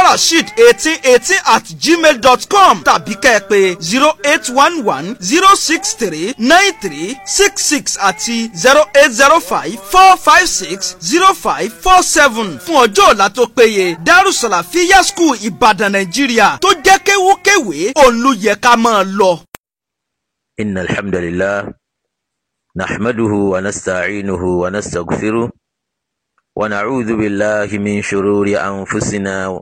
farasheed eighteen eighteen at gmail dot com tàbí kẹ́ẹ̀pè zero eight one one zero six three nine three six six àti zero eight zero five four five six zero five four seven fún ọjọ́ ọ̀la tó péye darussalafiya school ìbàdàn nàìjíríà tó jẹ́ kéwúkéwé òun ló yẹ ká máa lọ. إن الحمد لله نحمده ونستعينه ونستغفره ونعوذ بالله من شرور أنفسنا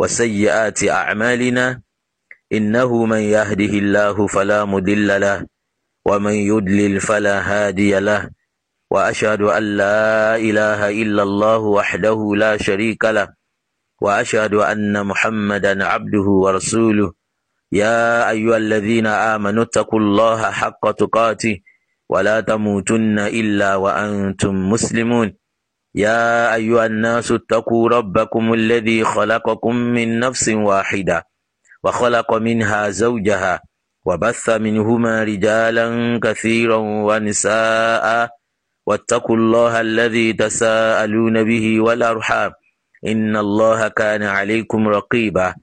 وسيئات أعمالنا إنه من يهده الله فلا مضل له ومن يدلل فلا هادي له وأشهد أن لا إله إلا الله وحده لا شريك له وأشهد أن محمدا عبده ورسوله يا أيها الذين آمنوا اتقوا الله حق تقاته ولا تموتن إلا وأنتم مسلمون يا أيها الناس اتقوا ربكم الذي خلقكم من نفس واحدة وخلق منها زوجها وبث منهما رجالا كثيرا ونساء واتقوا الله الذي تساءلون به والأرحام إن الله كان عليكم رقيبا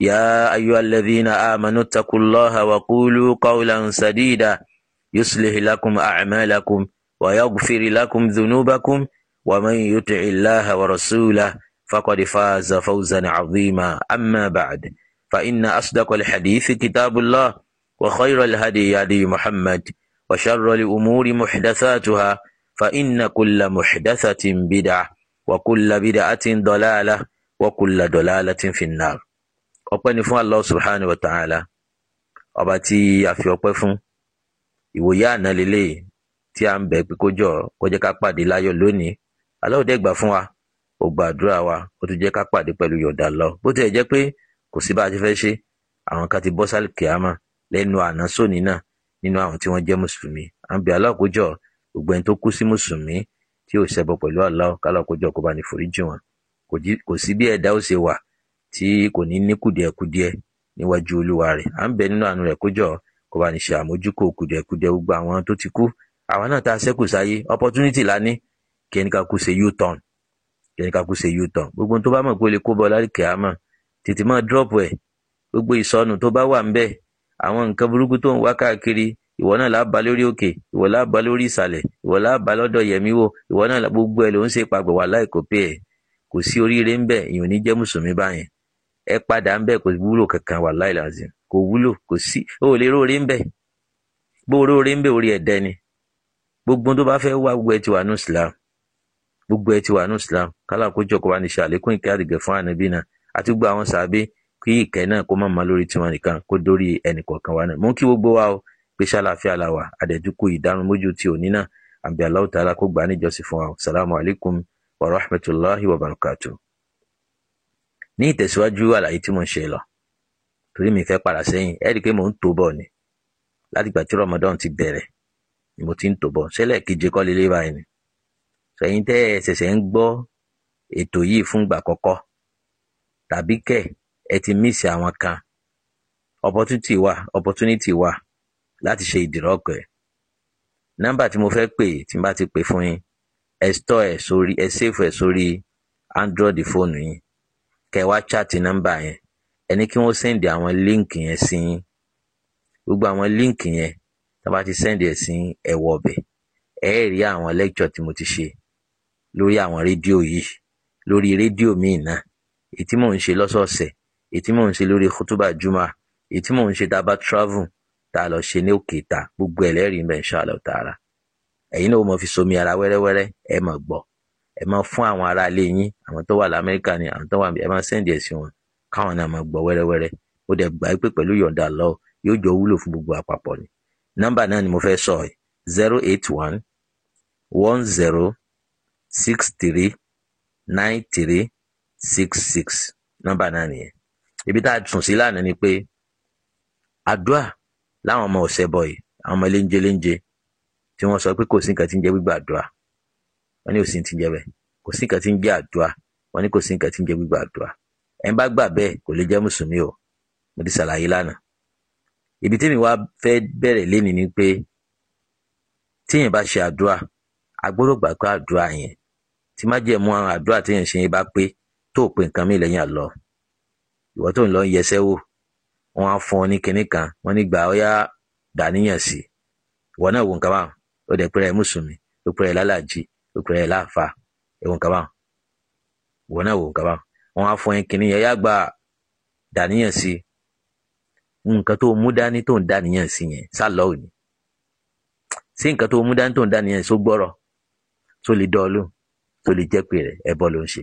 يا أيها الذين آمنوا اتقوا الله وقولوا قولا سديدا يصلح لكم أعمالكم ويغفر لكم ذنوبكم ومن يطع الله ورسوله فقد فاز فوزا عظيما أما بعد فإن أصدق الحديث كتاب الله وخير الهدي هدي محمد وشر الأمور محدثاتها فإن كل محدثة بدعة وكل بدعة ضلالة وكل ضلالة في النار ọpẹ́ ni fún Allah subhanahu wa ta'ala ọba tí a fi ọpẹ́ fún ìwòye àná lélẹ́yìí tí a ń bẹ̀ pé kó jọ kó jẹ́ ká pàdé láyọ̀ lónìí aláwo dẹ̀ gbà fún wa ó gba àdúrà wa ó tún jẹ́ ká pàdé pẹ̀lú yọ̀ǹda lọ bó tiẹ̀ jẹ́ pé kò sí bá a ti fẹ́ ṣe àwọn kan ti bọ́ sálì kìámà lẹ́nu àná sóní náà nínú àwọn tí wọ́n jẹ́ mùsùlùmí à ń bẹ aláàkójọ gbogbo ẹni tó kú sí mùsùlùmí tí ò ṣẹbọ pẹ̀lú aláwọ káláàkójọ kó bá ní foríjì wọn kò sí bí ẹ̀dá ó ṣe wà tí kò ní ní kùdìẹ̀kudiẹ níwájú olúwa rẹ̀ à nínú àánú rẹ̀ kójọ kó bá ní ṣe àmójúkò kùdìẹ̀kudiẹ gbogbo àwọn tó ti kú àwa náà tá ṣẹ́kù sáyé opportunity la ní kí ẹnìkàkú ṣe u-turn kí ẹnìkàkú ṣe u-turn gbogbo tó bá mọ̀ pé ó lè kó bọ́ lálùkẹ́ àmọ́ tètè máa drop ẹ̀ gbogbo ìsọnù tó bá wà ń bẹ̀ àwọn nǹkan burúkú tó ń wá káàkiri ìwọ náà lábàá lórí òkè ìwọ lábàá lórí ìsàlẹ̀ ìwọ lábàá lọ́dọ̀ yẹ̀mí wò ìwọ náà gbogbo ẹ̀ ló ń ṣe papọ̀ wà láì kò pé ẹ̀ kò sí oríire ń bẹ̀ ìyọ̀n ní jẹ́ mùsùlùmí báyẹn ẹ padà ń bẹ̀ kò wúlò kankan wà láì làzì kò wúlò kò sí ó lè róore ń bẹ̀ bó róore ń bẹ̀ orí ẹ̀dẹ́ ni gbogbo tó bá fẹ́ wá gbogbo ẹ̀ ti wà ní Islam gbogbo ẹ ti wà ní islam kálá kó jọ kó wá ní ṣe àlékún ìkẹ́ àdìgẹ̀ fún ànábì náà àti gbogbo àwọn sàábé kí ìkẹ́ náà kó má má lórí tiwọn nìkan kó dórí ẹnìkọ̀ọ̀kan wa náà mú kí gbogbo wa o pé ṣàlàfíà la wà àdẹ̀dúkú ìdánumójú ti òní náà àbí Allahu ta'ala níjọsìn fún wa salamu alaykum wa rahmatulahi wa barakatu. ní ìtẹ̀síwájú àlàyé tí mo ń ṣe lọ torí mi fẹ́ padà sẹ́yìn ẹ rí i pé mò ń tó bọ̀ ni látìgbà tí Ramadan ti bẹ̀rẹ̀ ni mo ti ń tó bọ̀ ṣẹlẹ̀ keje kọ́ lélẹ́ báyìí ni fẹ̀yin tẹ́ ẹ ṣẹ̀ṣẹ̀ ń gbọ́ ètò yìí fúngbà àkọ́kọ́ tàbí kẹ̀ ẹ ti miss àwọn kan opportunity wa, opportunity wa, láti ṣe ìdìrọ́kọ̀ ẹ̀ nọ́mbà tí mo fẹ́ pè tí n bá ti pè fún yín ẹ store ẹ̀ sórí ẹ save ẹ̀ sórí android fóònù yín kẹ́ wá chat nọ́mbà yẹn ẹ ní kí wọ́n send àwọn link yẹn sí yín gbogbo àwọn link yẹn tí wọ́n bá ti send ẹ̀ sí yín ẹ ẹ rí àwọn lecture tí mo ti ṣe lórí àwọn rédíò yìí lórí rédíò míì náà èyí tí mò ń ṣe lọ́sọ̀ọ̀sẹ̀ èyí mò ń ṣe lórí kútúbà juma èyí tí mò ń ṣe tá a bá travel tá a lọ ṣe ní òkè ta gbogbo ẹ̀ lẹ́rìí mẹ́ insha Allah ta'ala ẹ̀yin náà ó mọ fi somi ara wẹ́rẹ́wẹ́rẹ́ ẹ mọ̀ gbọ́ ẹ mọ fún àwọn ará ilé yín àwọn tó wà lamẹ́ríkà ni àwọn tó wà ẹ mọ sẹ́ǹdì ẹ̀ sí wọn káwọn náà mọ̀ gbọ́ wẹ́rẹ́wẹ́rẹ́ ó dẹ̀ gbà pé pẹ̀lú yọ̀ǹda lọ yóò jọ wúlò fún gbogbo àpapọ̀ ni nọ́mbà náà ni mo fẹ́ sọ zero eight one one zero six three nine three six six nọ́mbà náà nìyẹn ibi tá a sùn sí lánàá ni pé àdúà láwọn ọmọ ọ̀sẹ̀ bọ̀ yìí àwọn ọmọ eléńjẹ eléńjẹ tí wọ́n sọ pé kò sí nǹkan tí ń jẹ́ gbígbà àdúà wọ́n ní kò sí nǹkan tí ń jẹ́ bẹ́ẹ̀ kò sí nǹkan tí ń jẹ́ àdúà wọ́n ní kò sí nǹkan tí ń jẹ́ gbígbà àdúà ẹ̀ ń bá gbà bẹ́ẹ̀ kò lè jẹ́ mùsùlùmí o mo ti ṣàlàyé lánàá ibi tèmi wá fẹ́ bẹ̀rẹ̀ lénìí ni pé téèyàn bá ṣe àdúà agbọ́dọ̀ gbà pé yẹn tí májẹ̀mú àdúrà tí yẹn ṣe bá pé tó o pe nǹkan míì lẹ́yìn àlọ́ ìwọ tó ń lọ yẹsẹ́ wò wọ́n á fún ọ ní kinní kan wọ́n ní gbà ọ́yá dàníyàn sí ìwọ náà wò nǹkan báwọn ó dẹ̀ pẹ́rẹ́ mùsùlùmí ó pẹ́rẹ́ lálàjì ó pẹ́rẹ́ láàfà ìwọ nǹkan báwọn ìwọ náà wò nǹkan báwọn wọ́n á fún ẹ kinní yẹn yá gba dàníyàn sí nǹkan tó mú dání tó ń dàníyàn sí yẹn sálọ òní sí nǹkan tó mú dání tó ń dàníyàn sí ó gbọ́rọ̀ tó lè dọ́ ọ tó lè jẹ́ pé rẹ̀ ẹbọ ló ń ṣe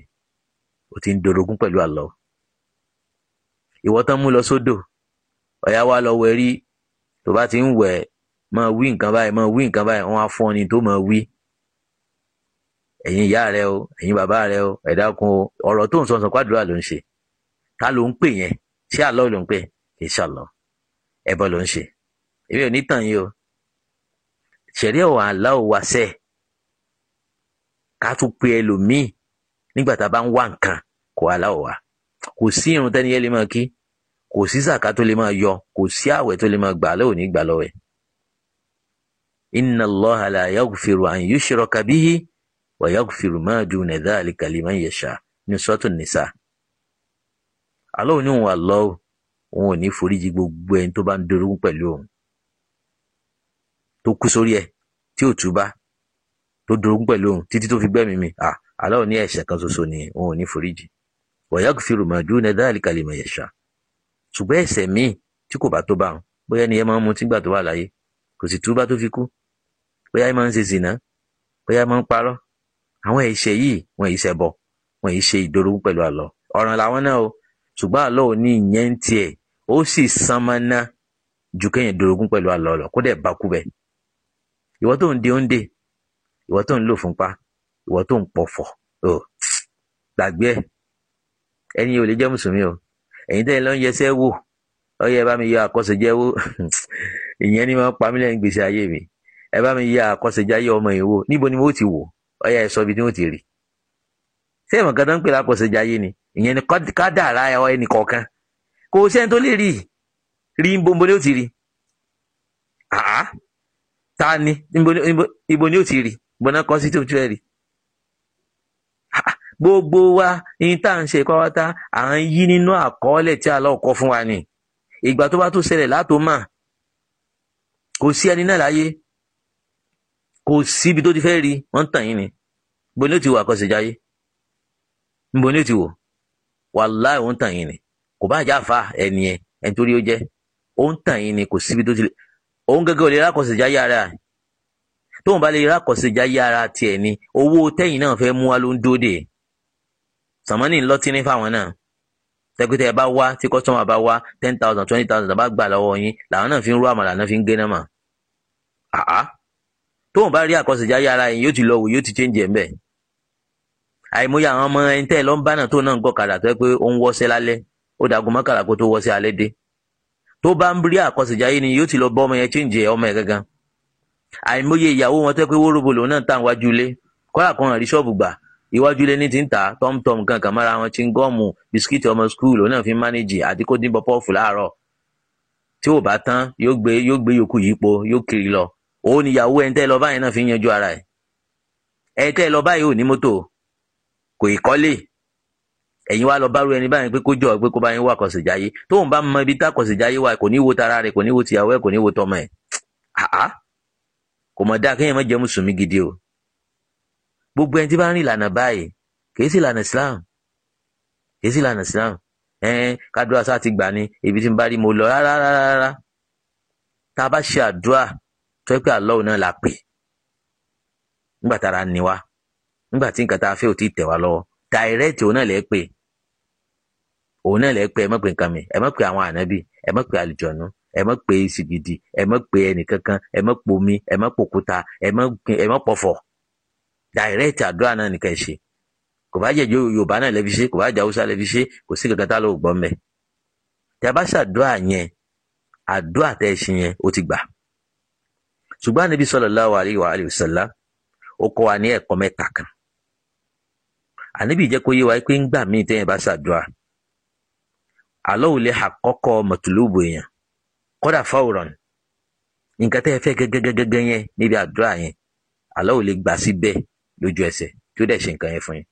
o ti ń dorogún pẹ̀lú Allah ìwọ tán mú lọ sódò ọ̀yá wa lọ wẹ̀ rí tó bá ti ń wẹ̀ máa wí nǹkan báyìí máa wí nǹkan báyìí wọ́n á fún ọ ní tó máa wí ẹ̀yin ìyá rẹ o ẹ̀yin bàbá rẹ o ẹ dákun o ọ̀rọ̀ tó ń sọ̀nsọ̀ kwádùúrà ló ń ṣe ta ló ń pè yẹn ṣé Allah ló ń pè kì í ṣàlọ́ ẹbọ ló ń ṣe èmi ò ní tàn yín o ṣẹ̀rí ọ̀wà Allah ò ká tún pe ẹlòmíì nígbà tá a bá ń wá nǹkan kò wá láwọ̀ wá kò sí irun tẹ́ni yẹn lè máa kí kò sí sàká tó lè máa yọ kò sí àwẹ̀ tó lè máa gbà lẹ́wọ̀n ní gbà lọ́wẹ̀. inna Allaha la yaghfiru an yushraka bihi wa yaghfiru ma duna dhalika liman yasha ní sọ́tún nìsa. Allah ní òun àlọ́ òun ò ní foríjì gbogbo ẹni tó bá ń dorogún pẹ̀lú òun tó kú sórí ẹ̀ tí ò túbá tó dorogún pẹ̀lú òun títí tó fi gbẹ́mìí mi à aláwọ̀ ní ẹ̀ṣẹ̀ kan ṣoṣo ni òun ò ní foríjì wọ̀yá kò fi rùmọ̀ dúró náà dáàlì kalẹ̀ mọ̀ ẹ̀ṣà ṣùgbọ́n ẹ̀ṣẹ̀ míì tí kò bá tó bá wọn bóyá ni ẹ máa ń mutí gbà tó wà láyé kò sì túbá tó fi kú bóyá ẹ máa ń ṣe zìnà bóyá ẹ máa ń parọ́ àwọn ẹ̀ṣẹ̀ yìí wọn yìí ṣẹbọ wọn yìí ṣe ìdorogún pẹ̀lú àlọ́ ọ̀ràn làwọn náà o ṣùgbọ́n àlọ́ ò ní ìyẹn ń tiẹ̀ ó sì sanmọ́ná ju kéèyàn dorogún pẹ̀lú àlọ́ lọ kó dẹ̀ bá kú bẹ́ẹ̀ ìwọ tó ń de ó ń de ìwọ tó ń lò fúnpá ìwọ tó ń pọ̀fọ̀ o gbàgbé ẹ̀ ẹni ò lè jẹ́ mùsùlùmí o ẹ̀yin tẹ́lẹ̀ lọ ń yẹsẹ́ wò ó yẹ bá mi yọ àkọsẹ̀jẹ́ wò ìyẹn ni wọ́n pa mí lẹ́yìn gbèsè ayé mi ẹ bá mi yọ àkọsẹ̀jẹ́ ayé ọmọ yìí wò níbo ni mo ti wò ó yẹ sọ ibi tí mo ti rì ṣé ìmọ̀ kan tó ń pè lákọsẹ̀jẹ́ ayé ni ìyẹn ni kádàrá ẹnì kọ̀ọ̀kan kò sẹ́ni tó lè rí rí nbombo ni ó ti rí ta ni ibo ni ó ti rí Gbọ́nàkọ́sí Tójúẹ̀rì gbogbo wa ní tá à ń ṣe à ń yí nínú àkọọ́lẹ̀ tí Allah fún wa ni ìgbà tó bá tó ṣẹlẹ̀ látò mà kò sí ẹni náà láyé kò síbi tó ti fẹ́ rí wọ́n tàn yín ni bó ó ti wò bó ó ti wò tàn yín fa ẹni torí ó jẹ tàn yín ni kò síbi tó ti lè òun tóun bá lè rí ara tiẹ̀ ni owó tẹ́yìn náà fẹ́ mú wa ló ń dúró dè sàmọ́nì ń lọ́tí ní fáwọn náà tẹ́kùtẹ́ bá wá tí kọ́sọ́mà bá wá ten thousand twenty thousand gbà lọ́wọ́ yín làwọn náà fi ń rú fi ń gé náà mà àá tóun bá rí ara yẹn yóò ti lọ wò yóò ti change ẹ̀ mbẹ́ àìmọye àwọn ọmọ ẹni tẹ́ ẹ bá náà tó náà ń tó yẹ pé ó ń wọ́sẹ́ lálẹ́ ó dàgùn mọ́kàlà kó tó wọ́sẹ́ àìmọye ìyàwó wọn tẹ́ pé wóróbo lòun náà ń tà wájú ilé kọ́là kan rí ṣọ́ọ̀bù gbà iwájú ilé ní ti ń tà tọ́mtọ́m kankan mọ́ra wọn chingọ́ọ̀mù bisikíìtì ọmọ skul òun náà fi mánéjì àti kó dín pọ́pọ́ọ̀fù láàárọ̀ tí ò bá tán yóò gbé yóò gbé yòókù yípo yóò kiri lọ òun níyàwó ẹni tẹ́ lọ báyìí náà fi ń yanjú ara ẹ̀ ẹni tẹ́ lọ báyìí ò ní mọ́tò kò ì kọ́lé ẹ̀yin wá lọ bá ru ẹni báyìí pé kó jọ pé kó bá wà kọ̀sìjáyé tóun bá mọ ibi tá kọ̀sìjáyé wà kò ní wo tara rẹ̀ kò ní wo tìyàwó ẹ̀ kò ní wo tọmọ ẹ̀ kò mọ̀ dáa kéèyàn má jẹ́ mùsùlùmí gidi o gbogbo ẹni tí bá ń rìn ìlànà báyìí kìí sí ìlànà Islam kìí sí ìlànà Islam ẹn kádùá sá ti gbà ní ibi tí n bá rí mo lọ rárá rárá rárá tá a bá ṣe àdúrà tó yẹ pé Allah náà la pè nígbà tára ni wá nígbà tí nǹkan tá a fẹ́ ò tí ì tẹ̀ wá lọ́wọ́ direct òun náà lè pè òun náà lè pè ẹ má pè nǹkan mi ẹ má pè àwọn ànábì ẹ má pè àlùjọ̀nú ẹ má pe sìgìdì ẹ má pe ẹnìkankan ẹ má pomi ẹ má pòkúta ẹ má gbin ẹ má pọ̀fọ̀ direct àdúrà náà nìkan ṣe kò bá jẹ́ yorùbá náà lẹ́bi ṣe kò bá jẹ́ haúsá lẹ́bi ṣe kò sí kankan tá ló gbọ́ mẹ́ tí a bá ṣàdúrà yẹn àdúrà tẹ́ ẹ ṣe yẹn ó ti gbà ṣùgbọ́n Ànábì sallallahu alaihi wa alihi ó kọ́ wa ní ẹ̀kọ́ mẹ́ta kan Ànábì jẹ́ yé wa pé ńgbà míì tẹ́yìn bá ṣàdúrà àlọ́ òun àkọ́kọ́ mọ̀tòlóòbù èèyàn kódà fọ́ọ̀rọ̀n nǹkan tẹ́ ẹ fẹ́ gẹ́gẹ́gẹ́gẹ́ yẹn níbi àdúrà yẹn Allah ò lè gbà sí bẹ́ẹ̀ lójú ẹsẹ̀ tí ó dẹ̀ ṣe nǹkan yẹn fún yín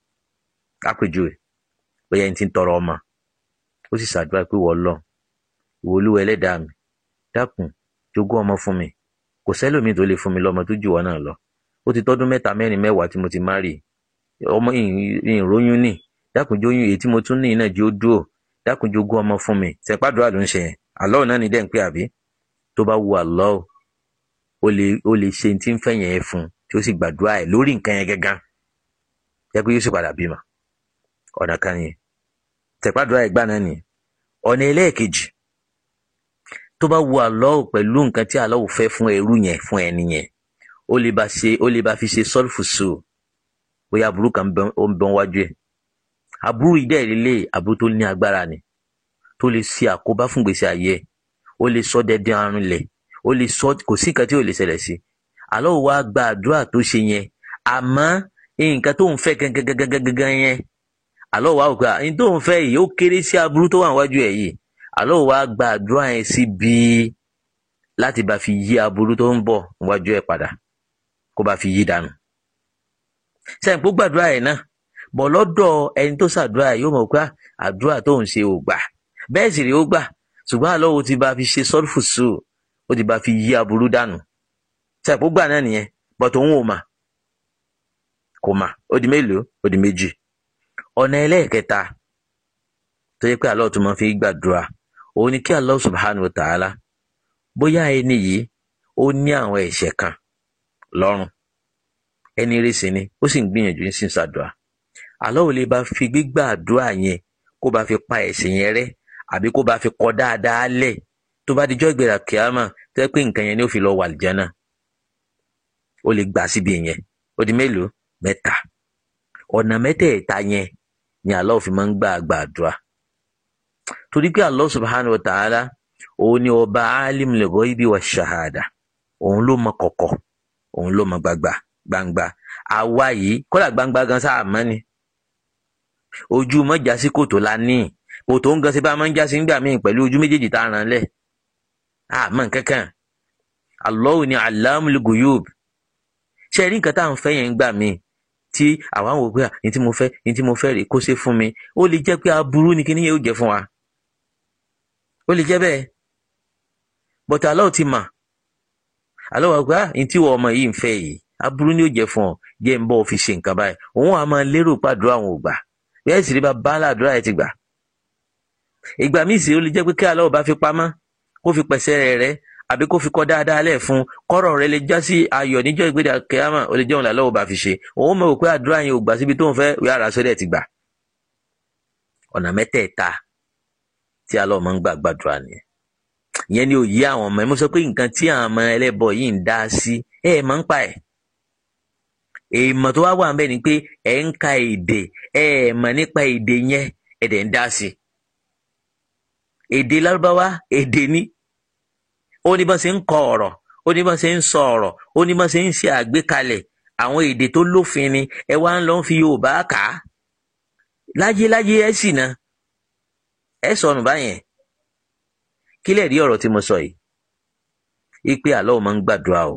lápèjúwe bóyá ẹni tí ń tọrọ ọmọ ó sì ṣàdúrà pé wọ́n lọ ìwọ olúwa ẹlẹ́dàá mi dákun jogún ọmọ fún mi kò sẹ́lòmíì tó lè fún mi lọ́mọ tó jù wọ́n náà lọ ó ti tọ́dún mẹ́ta mẹ́rin mẹ́wàá tí mo ti má rí ọmọ ìròyún ní dákun jogún ọmọ fún mi ṣẹ̀pá ló ń ṣe yẹn Allah náà ní dẹ́n pé àbí tó bá wu Allah ó lè ó lè ṣe tí ń fẹ́ yẹn fún tí ó sì gbàdúrà ẹ̀ lórí nǹkan yẹn gángan yẹ pé yóò sì padà bímọ ọ̀nà kan yẹn tẹ̀pádùá ẹ̀ gbà náà nìyẹn ọ̀nà ẹlẹ́ẹ̀kejì tó bá wu Allah pẹ̀lú nǹkan tí Allah fẹ́ fún ẹrú yẹn fún ẹni yẹn ó lè bá ṣe ó lè bá fi ṣe sọ́lfù so bóyá aburú kan ń bẹ wájú ẹ̀ aburú ìdẹ́ẹ̀lélẹ́ aburú tó ní agbára ni tó lè ṣe àkóbá fún gbèsè ayé ẹ̀ ó lè sọ dẹdẹ arinlẹ̀ ó lè sọ kò sí nǹkan tí ò lè ṣẹlẹ̀ sí Allah wá gba àdúrà tó ṣe yẹn àmọ́ nǹkan tó ń fẹ́ gangan yẹn Allah wá òkè àyìn tó ń fẹ́ yìí ó kéré sí aburú tó wà níwájú ẹ̀ yìí Allah wá gba àdúrà yẹn síbi láti bá fi yí aburú tó ń bọ̀ níwájú ẹ̀ padà kó bá fi yí dànù sẹ́yìn pé gbàdúrà yẹn náà bọ̀ lọ́dọ̀ ẹni tó ṣàdúrà yóò mọ̀ pé ah, àdúrà tó ń ṣe ò gbà bẹ́ẹ̀ sì rí ó gbà ṣùgbọ́n àlọ́ o ti bá fi ṣe sọ́rùfù sí o ó ti bá fi yí aburú dànù ṣàpò gbà náà nìyẹn bọ̀tò òun ò mà kò mà ó di mélòó ó di méjì ọ̀nà ẹlẹ́ẹ̀kẹta tó yẹ pé àlọ́ tó máa fi gbàdúrà òun ni kí Allah subhanahu ta'ala bóyá ẹni yìí ó ní àwọn ẹ̀ṣẹ̀ kan lọ́rùn ẹni rèsì ni ó sì ń gbìyànjú ní sísàdùà Allah ò lè bá fi gbígbàdúrà yẹn kó bá fi pa ẹ̀ṣẹ̀ yẹn rẹ́ àbí kó bá fi kọ dáadáa lẹ̀ tó bá dijọ́ ìgbéra kíámà tó yẹ pé nǹkan yẹn ni ó fi lọ wà àlìjánà ó lè gbà síbi yẹn ó di mélòó mẹ́ta ọ̀nà mẹ́tẹ̀ẹ̀ta yẹn ni Allah fi máa ń gbà àgbà torí pé Allah subhanahu wa ta'ala òun ni ọba alim al-ghaibi wa shahada òun ló mọ kọ̀kọ̀ òun ló mọ gbagba gbangba àwa yìí kódà gbangba gan sáà mọ́ ni ojú mọ́jà sí kòtò la níì kò tó ń gan ṣe bá a máa ń já sí nígbà míì pẹ̀lú ojú a ràn lẹ̀ àmọ́ kankan Allahu ni alamul guyub ṣe rí nǹkan tá à ń fẹ́ yẹn gbà míì tí àwa ń wò pé mi ó lè jẹ́ pé aburú ni kí ni yóò jẹ́ fún wa ó lè jẹ́ bẹ́ẹ̀ ti mà Allah wà ní tí wọ́n ọmọ yìí ń fẹ́ yìí aburú ni yóò jẹ́ fún ọ jẹ́ ń bọ́ fi ṣe nǹkan báyìí òun lérò pàdúrà àwọn ògbà bẹ́ẹ̀ sì rí bá bá àdúrà ti gbà ìgbà míì sì ó lè jẹ́ pé kí aláwọ̀ bá fi pamọ́ kó fi pẹ̀sẹ̀ rẹ̀ rẹ́ àbí kó fi kọ́ dáadáa lẹ̀ fún kọ́rọ̀ rẹ̀ lè já sí ayọ̀ níjọ́ ìgbéda kẹ́hámà ó lè jẹun làlọ́wọ́ bá fi ṣe òun mọ̀ pé àdúrà yẹn ò gbà síbi tó ń fẹ́ wí ara sódẹ̀ ti gbà. ọ̀nà mẹ́tẹ̀ẹ̀ta tí aláwọ̀ máa ń gbà gbàdúrà nìyẹn ìyẹn ni òye àwọn ọmọ ẹ mo sọ pé nǹkan tí àwọn ọmọ ẹlẹ́bọ yìí ń dá sí ẹ ẹ máa ń pa ẹ̀ èèmọ̀ tó wá wà ń bẹ̀ ni pé ẹ̀ ń ka èdè ẹ̀ ẹ̀ mọ̀ nípa èdè yẹn ẹ̀ dẹ̀ ń dá sí i èdè lárúbáwá èdè ni ó ní bá ṣe ń kọ ọ̀rọ̀ ó ní bá ṣe ń sọ ọ̀rọ̀ ó ní bá ṣe ń ṣe àgbékalẹ̀ àwọn èdè tó lófin ni ẹ wá ń lọ fi Yorùbá kà á láyéláyé ẹ sì ná ẹ sọnù báyẹn kí lè rí ọ̀rọ̀ tí mo sọ yìí ipe àlọ́ máa ń gbàdúrà o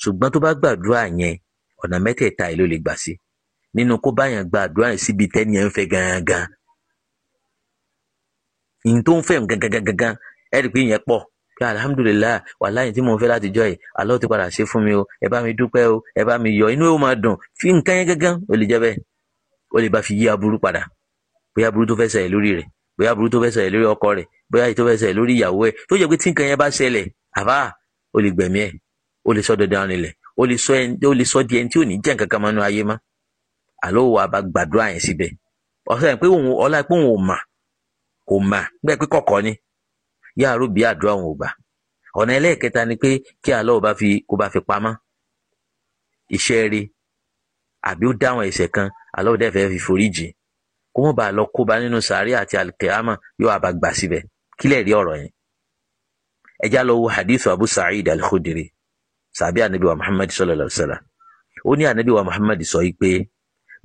ṣùgbọ́n tó bá gbàdúrà yẹn ọ̀nà mẹ́tẹ̀ẹ̀ta yìí ló lè gbà sí nínú kó báyàn gbàdúrà síbi tẹ́ni ń fẹ́ gangan ìyìn tó ń fẹ́ gangan ẹ rí i pé ìyẹn pọ̀ pé alhamdulilayi wàláyé tí mo fẹ́ láti jọ yìí Allah ti padà ṣe fún mi o ẹ bá mi dúpẹ́ o ẹ bá mi yọ̀ inú yóò máa dùn fi nǹkan yẹn gangan ó lè jẹ́ bẹ́ẹ̀ ó lè bá fi yí aburú padà bóyá aburú tó fẹ́ ṣẹlẹ̀ lórí rẹ̀ bóyá aburú tó fẹ́ ṣẹlẹ̀ lórí ọkọ rẹ̀ bóyá èyí tó fẹ́ ṣẹlẹ̀ lórí ìyàwó ẹ̀ tó jẹ́ pé tí nǹkan yẹn bá ṣẹlẹ̀ àbá ó lè gbẹ̀mí ẹ̀ ó lè sọ dandan nílẹ̀ ó lè sọ di ẹni tí ò ní jẹ́ nǹkan kan mọ́nú ayé mọ́ àlọ́ wà bá gbàdúrà yẹn síbẹ̀ ọ̀sẹ̀ pé òun ọlá pé òun ò mà kò mà gbẹ́ pé kọ̀kọ́ ni yáa rò bí àdúrà òun ò gbà ọ̀nà ẹlẹ́ẹ̀kẹta ni pé kí Allah bá fi kó bá fi pamọ́ iṣẹ́ rí àbí ó dáhùn ẹ̀ṣẹ̀ kan Allah dẹ̀ fẹ́ fi forí jì kó mọ̀ bá lọ kó bá nínú sàárẹ̀ àti alikiyama yóò àbá gbà síbẹ̀ kílẹ̀ rí ọ̀rọ̀ yẹn ẹ já lọ wo hadith abu sa'id al-khudri sàbí anabi wa muhammad sallallahu alaihi wa sallam ó ní anabi wa muhammad sọ yìí pé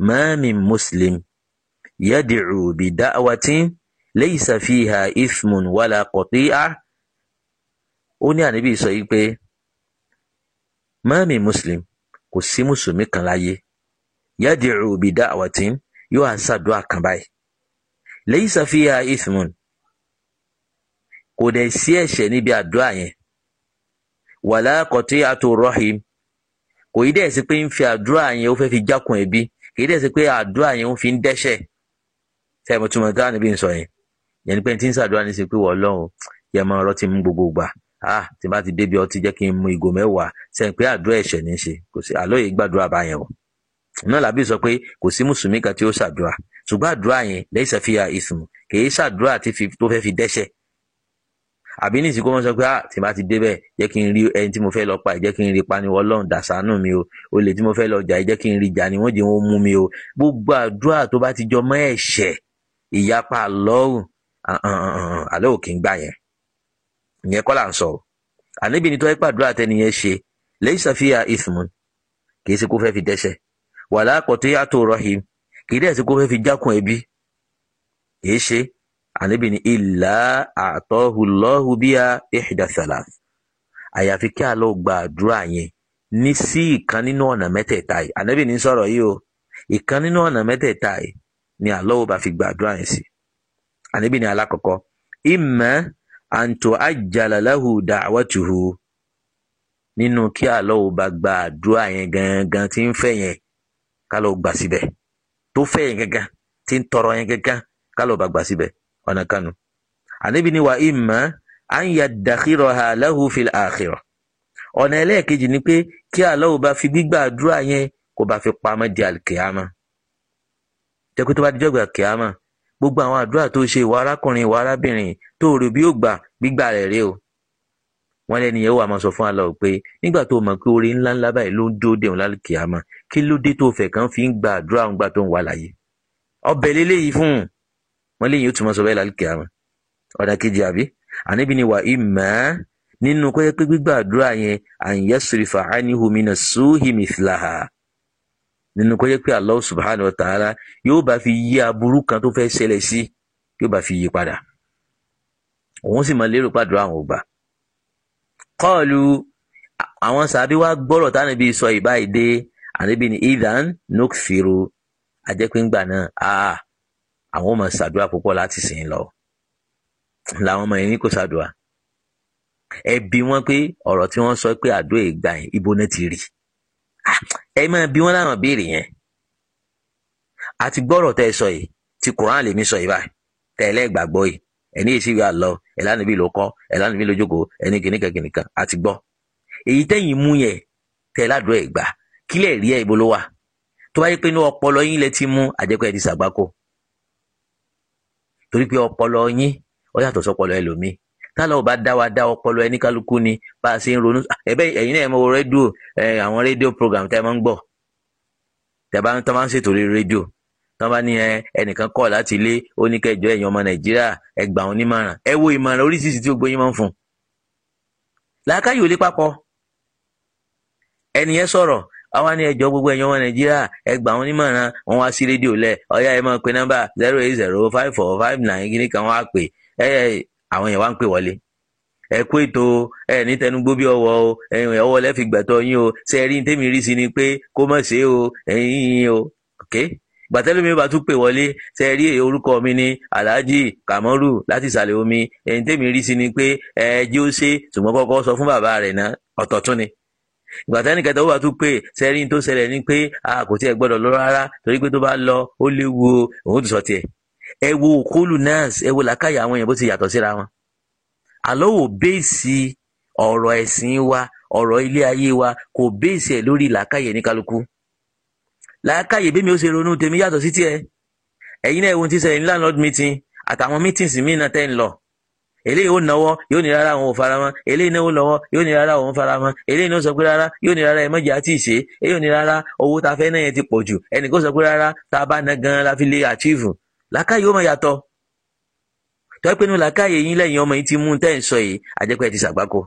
ma min muslim yad'u bi da'watin laysa fiha ithmun wala qati'ah ó ní ànábì sọ yìí pé mami muslim kò sí mùsùlùmí kan láyé yad'u bi da'watin yóò á ṣàdúrà kan báyìí laysa fiha ithmun kò dẹ̀ sí ẹ̀ṣẹ̀ níbi àdúrà yẹn wàlá qati'atu rahim kò yí dẹ̀ sí pé ń fi àdúrà yẹn ó fẹ́ fi jákun ẹbí kì í dẹ̀ sí pé àdúrà yẹn ó fi ń dẹ́ṣẹ̀ fẹ́ẹ́ mo túmọ̀ táwọn níbi ń sọ yẹn yẹn ni pé n ti ń ṣàdúrà ní í ṣe pé wọ́n mọ ọ̀rọ̀ tí ń gbogbo gbà ah tí bá ti débi ọtí jẹ́ kí n mu ìgò mẹ́wàá sẹ́yìn pé àdúrà ẹ̀ṣẹ̀ ní í ṣe kò sí àlóye gbàdúrà báyẹn o náà làbí sọ pé kò sí mùsùlùmí kan tí ó ṣàdúrà ṣùgbọ́n àdúrà yẹn lẹ́yìn ṣàfihà ìsùn kì í ṣàdúrà tó fẹ́ fi dẹ́ṣẹ̀ àbí ní ìsìnkú wọn sọ pé ah tí bá ti débẹ̀ jẹ́ kí n rí ẹni tí mo fẹ́ lọ pa ẹ̀ jẹ́ kí n rí pani Ọlọ́run dàsánù mi o olè tí mo fẹ́ lọ jà ẹ̀ jẹ́ kí n rí jà ni wọ́n jẹ́ wọn mú mi o gbogbo àdúrà tó bá ti jọ mọ́ ẹ̀ṣẹ̀ ìyapa àlọ́run Ah, ah, ah, àlọ́ òkè ń gbà yẹn ìyẹn kọ́ là ń sọ̀rọ̀ àníbi ni tó ẹ́ pàdúrà tẹniyẹn ṣe lẹ́yìn sàfihàn ismun kì í ṣe kó fẹ́ fi dẹ́ṣẹ̀ wàlá àkọ́tẹ́ àtò rahim kì í dẹ̀ ṣe kó fẹ́ fi jákun ẹbí kì í ṣe àníbi ni ìlà àtọ́hùlọ́hù bíi ìhìdásálà àyàfi kí a lọ gba àdúrà yẹn ní sí ìkan nínú ọ̀nà mẹ́tẹ̀ẹ̀ta yìí ànábì ní sọ̀rọ̀ yìí o ìkan nínú ọ̀nà mẹ́tẹ̀ẹ̀ta yìí ni àlọ́ ò bá fi gba yẹn sí i ànábì ní alákọ̀ọ́kọ́ imma an tu'ajjala lahu da'watuhu nínú kí àlọ́ ò bá gba àdúrà yẹn gangan tí ń fẹ́ yẹn ká lọ́ọ́ gbà síbẹ̀ tó fẹ́ yẹn gangan tí ń tọrọ yẹn gangan ká lọ́ọ́ bá gbà síbẹ̀ ọ̀nà kanu ànábì ní wa imma an yaddakhiraha lahu fil akhirah ọ̀nà ẹlẹ́ẹ̀kejì ni pé kí àlọ́ ò fi gbígbà àdúrà yẹn kó bá fi pamọ́ di àlìkèámà jẹ́ pé tó bá Gbogbo àwọn àdúrà tó ṣe ìwọ arákùnrin ìwọ arábìnrin tó rò bí ó gbà gbígbà rẹ̀ rèé o wọ́n lẹ́ni yẹn ó wà máa sọ fún aláwọ̀ pé nígbà tó mọ̀ pé oore ńláńlá báyìí ló ń dúró dé lálùkì àmọ́ kí ló dé tó fẹ̀ kàn fi ń gba àdúrà òun gbà tó ń wà láàyè ọbẹ̀ lélẹ́yìí fún un wọ́n léyìn ó tún máa sọ báyìí lálùkì àmọ́ ọ̀nà kejì àbí àníbi ni wà ìmọ̀ nínú kó pé gbígbà àdúrà yẹn àyìnyẹ́sùrìfà ánihu mina nínú kó jẹ́ pé Allah subhanahu wa ta'ala yóò bá fi yí aburú kan tó fẹ́ ṣẹlẹ̀ sí yóò bá fi yí padà òun sì máa lérò pàdúrà àwọn ògbà kọ́ọ̀lù àwọn sàbí wa gbọ́rọ̀ táwọn ibi sọ ìbá ìdè àníbi ní idan nukfiru ajẹ́píngbà náà àà àwọn ọmọ ṣàdúrà púpọ̀ láti sìn lọ làwọn ọmọ yẹn ní kò ṣàdúrà ẹ wọn pé ọ̀rọ̀ tí wọ́n sọ pé àdó ìgbà yẹn ibo náà ti rí i Ah, ẹ máa bí wọn láwọn béèrè yẹn àti gbọ́rọ̀ tẹ́ ẹ sọ yìí ti Quran lèmi sọ yìí báyìí tẹ́ ẹ lẹ́gbàgbọ́ yìí ẹni èsì rẹ̀ lọ ẹ̀ lánàá bí ló kọ́ ẹ̀ lánàá bí ló jókòó ẹni kìnnìkan kìnnìkan àti gbọ́ èyí tẹ́yìn mú yẹn tẹ́ ẹ ládùúgbò ẹ̀ gbà kílẹ̀ rí ẹ̀ ibo ló wà tó bá yẹ pé inú ọpọlọ yín lẹ ti mú àjẹpẹ́ ẹ ti ṣàgbákò torí pé ọpọlọ yín ó sọpọlọ ẹlòmíì tálà ò bá dá wa dá ọpọlọ ẹni kálukú ni bá a ṣe ń ronú ah, ẹbẹ ẹ̀yin náà ẹ rédíò àwọn rédíò program tẹ máa ń gbọ́ tẹbá tó máa ń ṣètò lórí rédíò tó bá ní ẹnìkan kọ láti ilé ó ní kẹjọ ẹ̀yin ọmọ nàìjíríà ẹ gbà wọn nímọ̀ràn ẹ wo ìmọ̀ràn oríṣiríṣi tí gbogbo yín máa ń fún un làákàyè ò lè papọ̀ ẹni yẹn sọ̀rọ̀ àwa ní ẹjọ́ gbogbo ẹ̀yin ọmọ nàìjíríà ẹ wọn nímọ̀ràn wọn wá sí rédíò lẹ̀ ọ̀yá ẹ máa pe nọ́mbà zero eight zero five four five nine kìíní kan wá pè àwọn èèyàn wá ń pè wọlé ẹ kú ètò ẹ ní tẹnugbó bí ọwọ́ o ẹ̀yìn ọwọ́ lẹfi gbẹtọ yín o ṣe rí tèmi rí sí ni pé kó mọ̀ ṣe o ẹ̀yìn yín o ok gbàtẹ́lómi bá tún pè wọlé ṣe rí orúkọ mi ní alhaji kamoru láti ìsàlẹ̀ omi ẹ̀yìn tèmi rí sí ni pé ẹ jí ó ṣe ṣùgbọ́n kọ́kọ́ sọ fún bàbá rẹ̀ náà ọ̀tọ̀ tún ni ìgbàtẹ́ni kẹta ó wà tún pé sẹ́rin tó ṣẹlẹ̀ ni pé a kò tiẹ̀ gbọ́dọ̀ lọ rárá torí pé tó bá lọ ó léwu òun ti sọ tiẹ̀ ẹ wo òkúlù nurse ẹ wo làákàyà àwọn èèyàn bó ti yàtọ̀ síra wọn àlọ́ ò béèsì ọ̀rọ̀ ẹ̀sìn wa ọ̀rọ̀ ilé ayé wa kò béèsì ẹ̀ lórí làákàyè ní kálukú làákàyè bẹ́ẹ̀ mi ó ṣe ronú tèmi yàtọ̀ sí tiẹ̀ ẹ̀yin náà ohun ti landlord meeting àtàwọn meetings míì náà tẹ́ ń lọ eléyìí ó náwó yóò ní rárá òun ò fara mọ́ eléyìí náà ó lọ́wọ́ yóò ní rárá òun fara mọ́ eléyìí náà ó sọ la fi lè làákàyè ó mọ yàtọ̀ tọ́ pé nínú làákàyè yín lẹ́yìn ọmọ yín ti mú tẹ́ ń sọ yìí àjẹpẹ́ ti ṣàgbákò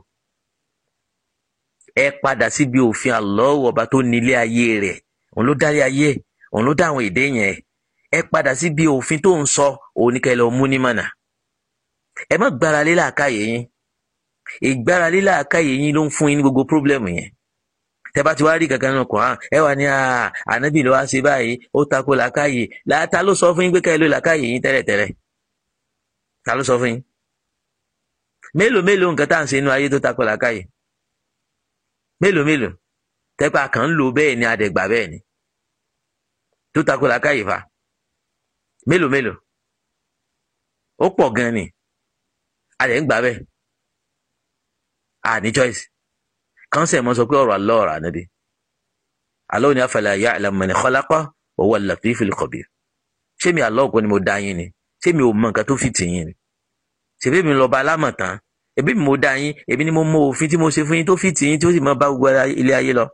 ẹ padà síbi òfin Allah ọba tó nílé ayé rẹ̀ òun ló dárí ayé òun ló dá àwọn èdè yẹn ẹ padà síbi òfin tó ń sọ òun ní kẹ́ lọ mú ní ẹ má gbára lé làákàyè yín ìgbára lé làákàyè yín ló ń fún yín ní gbogbo pírọ́blẹ́mù yẹn tẹ bá ti wá rí kankan náà kọ́ran ẹ wà ní ah, ànábì ló wá ṣe báyìí ó tako làákàyè ta ló sọ fún yín pé ká ẹ ló làákàyè yín tẹ́lẹ̀tẹ́lẹ̀ ta ló sọ fún yín mélòó mélòó nǹkan tá à ń ṣe inú ayé tó tako làákàyè mélòó mélòó tẹ́pà kàn ń lò bẹ́ẹ̀ ni àdẹ̀gbà bẹ́ẹ̀ ni tó tako làákàyè fa mélòó mélòó ó pọ̀ gan ni àdẹ̀gbà bẹ́ẹ̀ àní choice kánṣẹ́ mọ́ sọ pé ọ̀rọ̀ Allah ọ̀rọ̀ ànábì Allah ni afala ya'lamu man khalaqa wa huwa al-latiful khabir ṣé mi Allah kọ́ ni mo dá yín ni ṣé mi ò mọ nǹkan tó fi tì yín ni ṣèbí mi lọ́ba alámọ̀tán èbí mi mo dá yín èmi ni mo mọ òfin tí mo ṣe fún yín tó fi tì yín tí ó sì mọ bá gbogbo ilé ayé lọ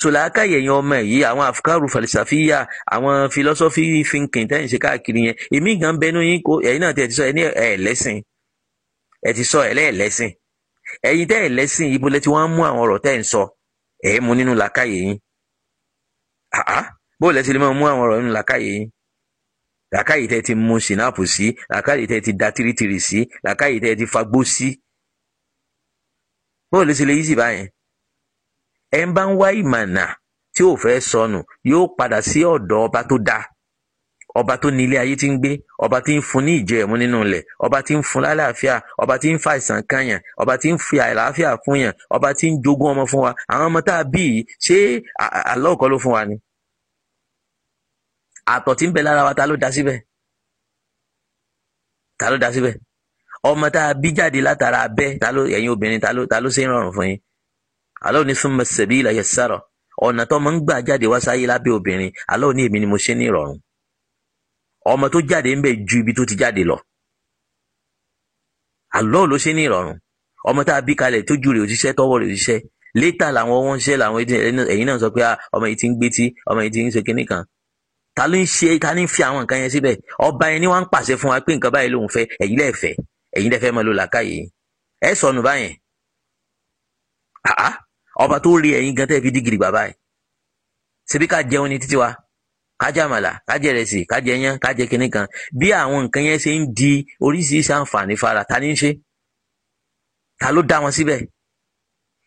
sòlàákàyè yẹn ọmọ yìí àwọn afkaru falisafiya àwọn philosophy thinking tẹ́yìn ṣe káàkiri yẹn èmi gan bẹnu yín kó ẹ̀yin náà ti ti sọ ẹ̀ ní ẹ̀ lẹ́sìn ẹ̀ ti sọ ẹ̀ lẹ́ẹ̀lẹ́sìn ẹ̀yin tẹ́ ẹ̀ lẹ́sìn ibo lẹ ti wọ́n mú àwọn ọ̀rọ̀ tẹ́ ẹ̀ ń sọ ẹ̀ mú nínú làákàyè yín àá bó lẹ ti lè máa mú àwọn ọ̀rọ̀ nínú làákàyè yín làákàyè tẹ́ ti mú sinapu sí làákàyè tẹ́ ti da tìrìtìrì sí làákàyè tẹ́ ti fagbó sí bó lẹ lè yí sí báyẹn ẹ̀ ń bá ń wá ìmànà tí ò fẹ́ sọnù yóò padà sí ọ̀dọ̀ ọba tó dáa ọba tó ní ilé ayé ti ń gbé ọba tí ń fún ní ìjẹ̀mú nínú ilẹ̀ ọba tí ń fún lálàáfíà ọba tí ń fa àìsàn kanyàn ọba tí ń fi àìláfíà fún yàn ọba tí ń jogún ọmọ fún wa àwọn ọmọ tá a bí yìí ṣé Allah kọ́ ló fún wa ni àtọ̀ tí ń bẹ lára wa ta ló dá síbẹ̀ ta ló dá síbẹ̀ ọmọ tá a bí jáde látara abẹ́ ta ló ẹ̀yin obìnrin ta ló ṣe ń rọrùn fún yín Allah ní summa sabila yassara ọ̀nà tó máa ń gbà jáde wá sáyé lábẹ́ obìnrin Allah ní èmi ni mo ṣe ní ìrọ̀rùn ọmọ tó jáde ń bẹ ju ibi tó ti jáde lọ Allah ló ṣe ní ìrọ̀rùn ọmọ tá a bí kalẹ̀ tójú rẹ̀ òṣìṣẹ́ tọwọ́ rẹ̀ òṣìṣẹ́ létà làwọn wọ́n ń ṣe làwọn ẹ̀yìn náà sọ pé ah, ọmọ yìí ti ń gbé tí ọmọ yìí ti ń ṣe kinní kan ta ló ń ṣe ta ní fi àwọn nǹkan yẹn síbẹ̀ ọba yẹn ni wọ́n ń pàṣẹ fún wa pé nǹkan báyìí lòun fẹ́ ẹ̀yin lẹ́ fẹ́ ẹ̀yin lẹ́ fẹ́ máa lo làákàyè ẹ sọnù báyẹn ọba tó rí ẹ̀yin gan tẹ́ fi dí bàbá yẹn ṣebí ká jẹun ní títí wa kájàmàlà kájẹrẹsì kájẹyán kájẹ kinní kan bí àwọn nǹkan yẹn ṣe ń di oríṣiríṣi àǹfààní fara ta ní í ṣe ta ló dá wọn síbẹ̀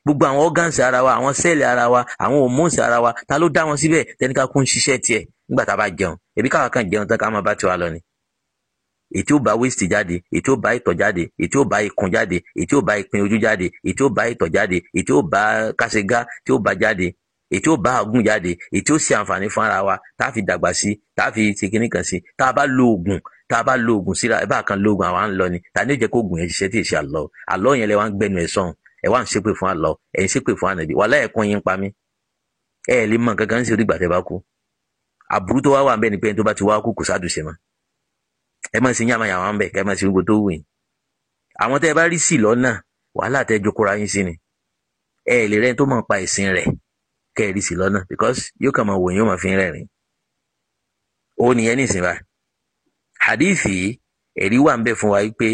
gbogbo àwọn organs ara wa àwọn sẹ́ẹ̀lì ara wa àwọn hormones ara wa ta ló dá wọn síbẹ̀ tẹnika kún ṣiṣẹ́ tiẹ̀ nígbà tá a bá jẹun ẹbí káwa kan jẹun tán ká máa bá tiwa lọ ni ètí ò bá waste jáde ètí ò bá ìtọ̀ jáde ètí ò bá ikùn jáde ètí ò bá ìpín ojú jáde ètí ò bá ìtọ̀ jáde ètí ò bá kásegá tí ò bá jáde èyí tí ó bá oògùn jáde èyí tí ó ṣe àǹfààní fún ara wa tá a fi dàgbà sí tá a fi ṣe kinní kan sí tá a bá lo oògùn tá a bá lo oògùn síra ẹ bá kan lo oògùn àwa ń lọ ni ta ni ó jẹ́ kó oògùn yẹn ṣiṣẹ́ tí ì àlọ́ àlọ́ yẹn lẹ gbẹnu ẹ̀ sọ̀hún ẹ wá ń ṣépè fún àlọ́ ẹ̀ ń ṣépè fún ànàbì wàhálà ẹ̀kún yín pa mí ẹ lè mọ nǹkan ṣe onígbà tẹ bá kú àbúrú tó wá wà bẹ́ẹ̀ ni pé ẹni tó bá ti wá kú kò sádùsẹ̀ mọ́ ẹ mọ̀ sí yàmà yàmà ń bẹ̀ kẹ́ mọ̀ sí gbogbo tó wù yín àwọn tẹ́ ẹ bá rí sí lọ́nà wàhálà tẹ́ jokora yín sí ni ẹ lè rẹ́ni tó mọ̀ pa ìsìn rẹ̀ kẹ́ẹ̀rì sí lọ́nà because yóò kàn máa wò yín ó máa fi rẹ́rìn ó nìyẹn nìsín bá hadithi ẹ̀rí wà ń bẹ fún wa pé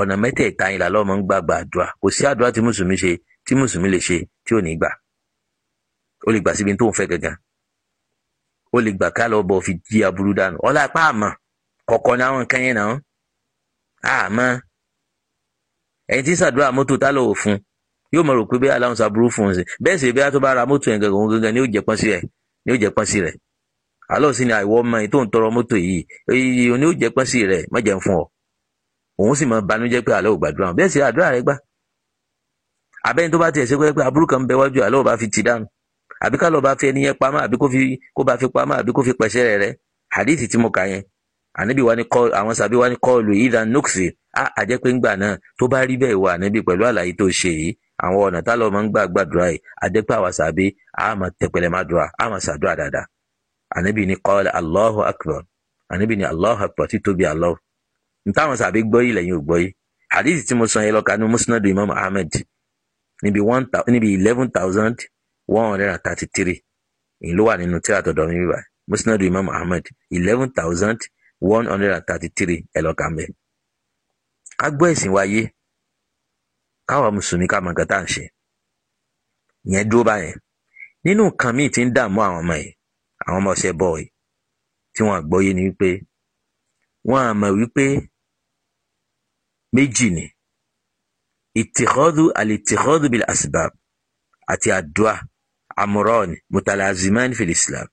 ọ̀nà mẹ́tẹ̀ẹ̀ta yìí làlọ́ máa ń gbàgbà àdúrà kò sí àdúrà tí mùsùlùmí ṣe tí mùsùlùmí lè ṣe tí ò ní gbà ó lè gbà síbi tó ń fẹ́ gangan ó lè gbà ká lọ bọ̀ fi jí aburú dànù ọlá apá àmọ́ kọ̀ọ̀kan ni àwọn nǹkan yẹn náà àmọ́ ẹni tí sàdúrà mọ́tò tá lọ́wọ́ fún yóò mọ̀ rò pé bí aláwọn sàbúrú fún un sí bẹ́ẹ̀ sì bí a tó bá ra mọ́tò yẹn gangan gangan ni yóò jẹ́ pọ́n sí rẹ̀ ni yóò jẹ́ pọ́n sí rẹ̀ àlọ́ sí ni àìwọ ọmọ yìí tó ń tọrọ mọ́tò yìí èyí ni yóò jẹ́ pọ́n sí rẹ̀ má jẹun fún ọ òun sì máa banújẹ́ pé àlọ́ ò gbàdúrà bẹ́ẹ̀ sì àdúrà rẹ̀ gbà abẹ́ni tó bá tiẹ̀ ṣe pé aburú kan bẹ wájú àlọ́ bá fi ti dànù àbí ká bá fi ẹni pamọ́ àbí kó bá fi pamọ́ àbí kó fi pẹ̀sẹ̀ rẹ̀ rẹ́ hadithi tí mo kà yẹn ànábì wa ni kọ́ àwọn sàbí wa ni kọ́ọ̀lù ìdá nọ́ọ̀sì á àjẹ́ pé ńgbà náà tó bá rí bẹ́ẹ̀ wà ànábì pẹ̀lú àlàyé tó ṣe yìí àwọn ọ̀nà tá lọ́ọ́ máa ń gbà gbàdúrà yìí àdẹ́pẹ́ sàbí àmà tẹpẹlẹ má dùà àmà sàdúà dáadáa ànábì ní Allahu ànábì Allahu títóbi ntáwọn sàbí gbọ́ yìí lẹ́yìn yìí hadith tí sọ yẹn lọ́ka ní imam níbi eleven thousand one hundred and thirty three wà nínú tí àtọ̀dọ̀ mi wà musnadu imam ahmed eleven thousand one hundred and thirty three ẹ̀ lọ́ka mẹ́ káwa mùsùlùmí ká mọ nǹkan tá à ń ṣe ìyẹn dúró báyẹn nínú nǹkan míì tí ń dààmú àwọn ọmọ yìí àwọn ọmọ ọsẹ bọ yìí tí wọn àgbọ́yé ni wípé wọn à mọ̀ wípé méjì ni ìtìkọ́dù àlìtìkọ́dù bíi àsìbàb àti àdúà àmúrọ́ọ̀n mùtàlàzìmán fìlì islam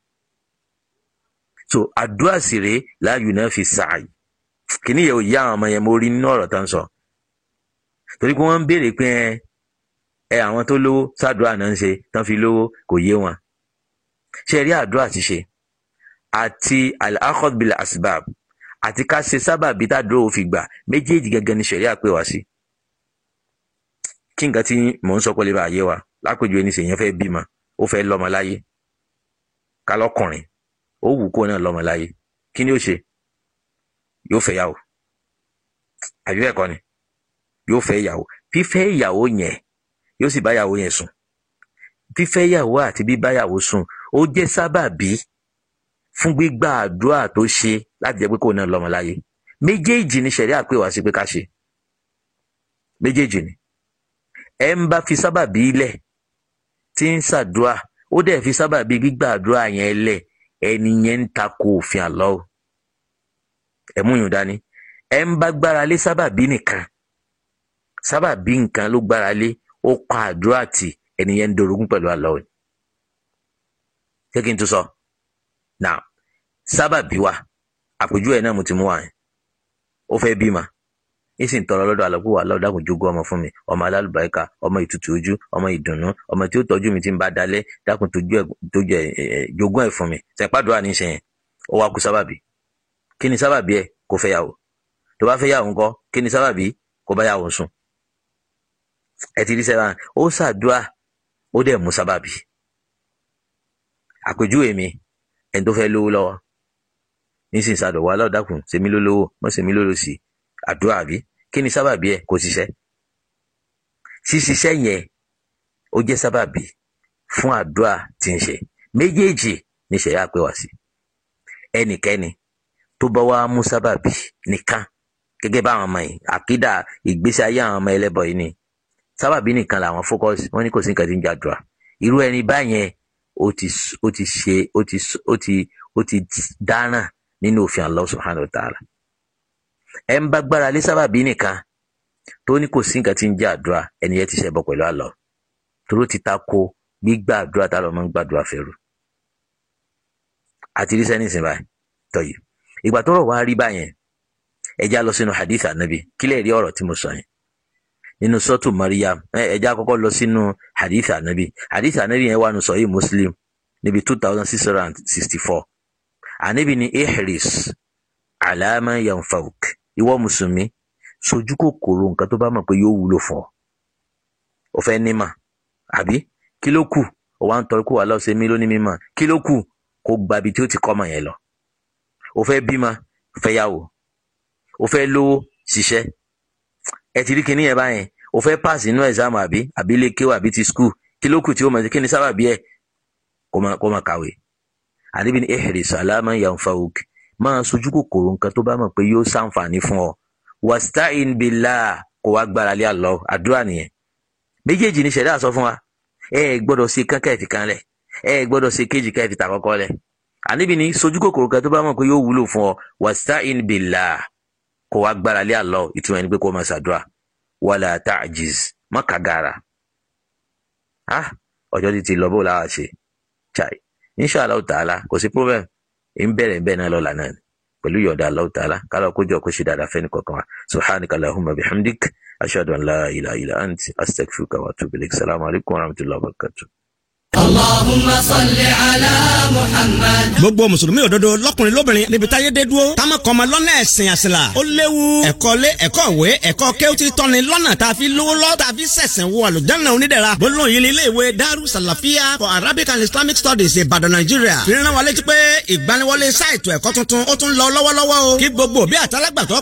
so àdúà sì rèé láàyò náà fi sàáyì kìnìyẹ ò yá àwọn ọmọ yẹn mo rí nínú ọ̀rọ̀ tó ń sọ torí pé wọ́n ń béèrè pé ẹ àwọn tó lówó sádùá náà ń ṣe tán fi lówó kò yé wọn ṣe rí àdúrà ti ṣe àti al-akhd bil asbab àti ká ṣe sábàbí tádúró ò fi gbà méjèèjì gẹ́gẹ́ ni ṣẹ̀ríà pè wá sí kí nǹkan tí mò ń sọ pé lè bá yé wa lápèjọ ẹni sèyàn fẹ́ bímọ ó fẹ́ lọ́mọ láyé ká lọ́kùnrin ó wù kó náà lọ́mọ láyé kí ni ó ṣe yóò fẹ́ yàwó àbí bẹ́ẹ̀ kọ́ ni yóò fẹ́ ìyàwó fífẹ́ ìyàwó yẹn yóò sì bá ìyàwó yẹn sùn fífẹ́ ìyàwó àti bíbá ìyàwó sùn ó jẹ́ sábàbí fún gbígbà àdúrà tó ṣe láti jẹ́ pé kò náà lọ́mọ láyé méjèèjì ni ṣẹ̀rí àpè wá sí pé ká ṣe méjèèjì ni ẹ ń bá fi sábàbí lẹ̀ tí ń ṣàdúrà ó dẹ̀ fi sábàbí gbígbà àdúrà yẹn lẹ̀ ẹni yẹn ń takò òfin àlọ́ ẹ̀ mú dání ẹ ń bá gbára lé sábàbí nìkan sábàbí nǹkan ló gbára lé ó pa àdúrà tì ẹni yẹn ń dorogún pẹ̀lú àlọ́ ẹ̀ ṣé kí n tún sọ now sábàbí wa àpèjúwe náà mo ti mú wa yẹn ó fẹ́ bímọ ìsì ń tọrọ lọ́dọ̀ àlọ́kù wà lọ́dọ̀ àkùn jogún ọmọ fún mi ọmọ alálùbáríkà ọmọ ìtutù ojú ọmọ ìdùnnú ọmọ tí ó tọ́jú mi tí ń bá dalẹ̀ dákun tójú ẹ̀ jogún ẹ̀ fún mi tẹ̀pádùá ní sẹ́yìn ó wá kú sábàbí kí ni sábàbí ẹ̀ kó fẹ́ yàwó tó bá fẹ́ yàwó ńkọ́ kí ni sábàbí kó bá yàwó sùn ẹ ti rí sẹ́wà ó ṣàdúrà ó dẹ̀ mú sábàbí àpèjúwe mi ẹni tó fẹ́ lówó lọ́wọ́ nísìnyí sàdọ̀wọ́ aláwọ̀dàkùn sèmi ló lówó mọ́ sèmi ló lò sí àdúrà àbí kí ni sábàbí ẹ kò ṣiṣẹ́ ṣíṣiṣẹ́ yẹn ó jẹ́ sábàbí fún àdúrà tí ń ṣe méjèèjì níṣẹ́ yá pé wá sí ẹnikẹ́ni tó bá wá mú sábàbí nìkan gẹ́gẹ́ bá àwọn ọmọ yìí àkídà ìgbésí ayé àwọn ọmọ ẹlẹ́bọ yìí ni sábàbí nìkan làwọn fókọ́sì wọ́n ní kò sí nǹkan tí ń jàdùà irú ẹni báyẹn ó ti ó ti ṣe ó ti ó ti ó ti dáràn nínú òfin Allah subhanahu wa ta'ala ẹ ń bá gbára lé sábàbí nìkan tó ní kò sí nǹkan tí ń jẹ́ àdúrà ẹni yẹn ti ṣẹbọ pẹ̀lú Allah toró ti ta ko gbígbà àdúrà a lọ máa ń gbàdúrà fẹ́rù àti rí sẹ́ni ìsìn báyìí ìgbà tó rọ̀ wá rí báyẹn ẹ já lọ sínú hadith anabi kílẹ̀ rí ọ̀rọ̀ tí mo sọ yẹn nínú sọ́tù Maryam ẹ jẹ́ àkọ́kọ́ lọ sínú hadith anabi hadith anabi yẹn wà nù sọ̀yìn Muslim níbi two thousand six hundred and sixty four anabi ni ihris alama yanfawuk ìwọ mùsùlùmí sojú kòkòrò nǹkan tó bá mọ̀ pé yóò wúlò fún ọ ò fẹ́ nímà àbí kí ló kù ó wá ń tọrọ kó wà lọ́ọ́ ṣe mí lónìí mímọ̀ kí ló kù kó gba ibi tí ó ti kọ́ ọmọ yẹn lọ ò fẹ́ bímọ fẹ́yàwó ò fẹ́ lówó ṣiṣẹ́ ẹ ti rí kinní yẹn báyẹn o fẹ́ pass inú exam àbí àbí ilé kéwà àbí ti school kí ló kù tí o mọ̀ kí ni sábà bí ẹ kó máa kàwé àníbi ni ehris alama yanfauk máa sojú kòkòrò nǹkan tó bá mọ̀ pé yóò ṣàǹfààní fún ọ wasta'in billah kó wá gbára lé Allah àdúrà nìyẹn méjèèjì ni ṣẹ̀dá sọ fún wa ẹ ẹ gbọ́dọ̀ ṣe kankan ẹ̀fì kan lẹ̀ ẹ ẹ gbọ́dọ̀ ṣe kejì kan ẹ̀fì tàkọ́kọ́ lẹ̀ àníbi ni sojú kòkòrò kan tó bá mọ̀ pé yóò wúlò fún ọ wasta'in billah kó wá gbára lé Allah ìtumọ̀ ẹni pé kó máa ṣàdúrà wala ta'jiz má kàgàrà á ah, ọjọ́ ti ti lọ bó làwọn ṣe chai insha Allah ta'ala kò sí problem ń bẹ̀rẹ̀ ń bẹ̀rẹ̀ náà lọ́la náà pẹ̀lú yọ̀ọ̀dà Allah ta'ala kálọ̀ kójọ kó ṣe dáadáa fẹ́ni kọ̀ọ̀kan wa subhanaka allahumma bihamdik ashhadu an la ilaha illa ant astaghfiruka wa atubu ilaik salamu alaykum wa rahmatullahi wa barakatuh. Allahumma salli ala Muhammad. gbogbo mùsùlùmí òdodo lọkùnrin lóbìnrin níbi táyé dé dúró táwọn kan máa lọ́nà ẹ̀sìn àṣìlá ó léwu ẹ̀kọ́ lé ẹ̀kọ́ ìwé ẹ̀kọ́ kéwútì tọ́ni lọ́nà tá lówó lọ́ tá a wọ àlùjáná onídẹ̀ra gbólóhùn yìí ní ilé ìwé Daru Salafia for Arabic and Islamic Studies Ìbàdàn Nàìjíríà fi rán wa pé ìgbaniwọlé sáìtù ẹ̀kọ́ tuntun ó tún lọ lọ́wọ́lọ́wọ́ o kí gbogbo òbí àtàlágbàtọ́